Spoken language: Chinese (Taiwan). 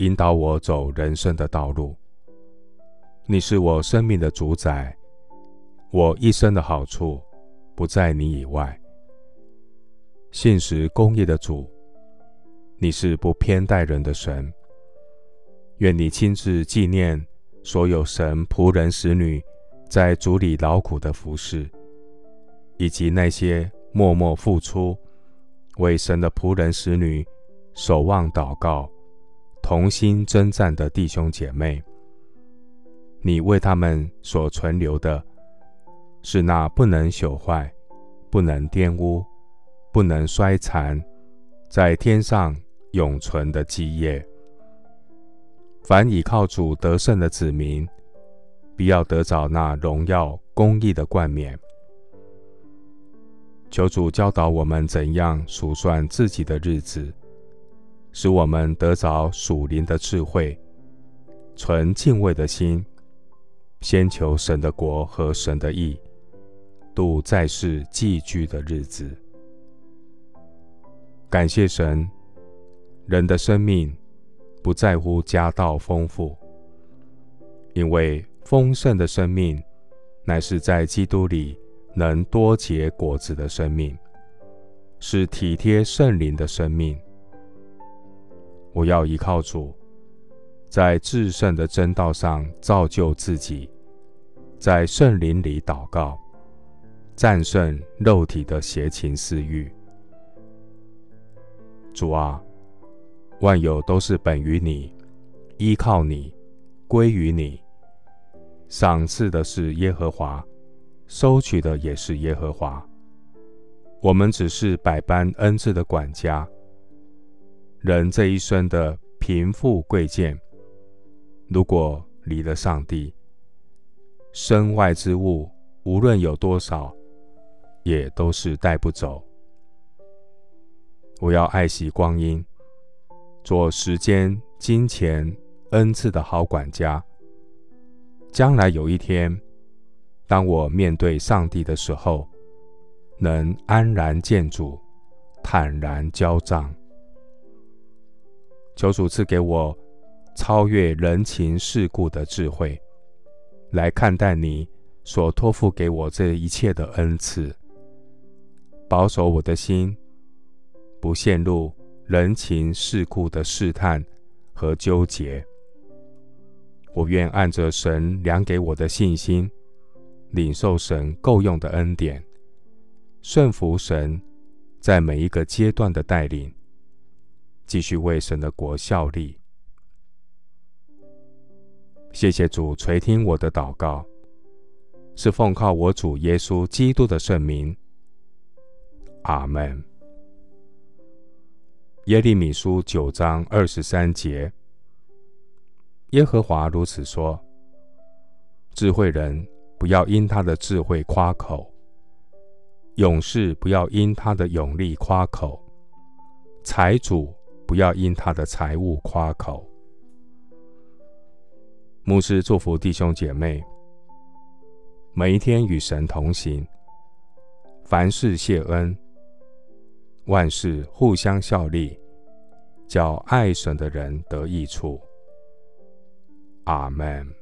引導我走人生的道路，你是我生命的主宰，我一生的好處不在你以外。信實公義的主，你是不偏待人的神。願你親自紀念所有神僕人、使女在主裡勞苦的服侍，以及那些默默付出為神的僕人、使女守望禱告。同心征戰的弟兄姐妹，你為他們所存留的，是那不能朽壞、不能玷污、不能衰殘，在天上永存的基業。凡倚靠主得勝的子民，必要得著那榮耀公義的冠冕。求主教導我們怎樣數算自己的日子。使我們得着屬靈的智慧，存敬畏的心，先求神的國和神的義，度在世寄居的日子。感謝神，人的生命不在乎家道豐富，因為豐盛的生命乃是在基督裡能多結果子的生命，是體貼聖靈的生命。我要依靠主，在至聖的真道上造就自己，在聖靈裡禱告，戰勝肉體的邪情私慾。主啊，萬有都是本於你，依靠你，歸於你。賞賜的是耶和華，收取的也是耶和華。我們只是百般恩賜的管家。人這一生的貧富貴賤，如果離了上帝，身外之物無論有多少，也都是帶不走。我要愛惜光陰，做時間、金錢、恩賜的好管家。將來有一天，當我面對上帝的時候，能安然見主，坦然交賬。求主賜給我超越人情世故的智慧，來看待你所託付給我這一切的恩賜，保守我的心，不陷入人情世故的試探和糾結。我願按着神量給我的信心，領受神夠用的恩典，順服神在每一個階段的帶領。繼續為神的國效力。謝謝主垂聽我的禱告，是奉靠我主耶穌基督的聖名。阿門。耶利米書九章二十三節：耶和華如此說，智慧人不要因他的智慧誇口，勇士不要因他的勇力誇口，財主。不要因他的財物誇口。牧師祝福弟兄姐妹，每一天與神同行，凡事謝恩，萬事互相效力，叫愛神的人得益處。阿門。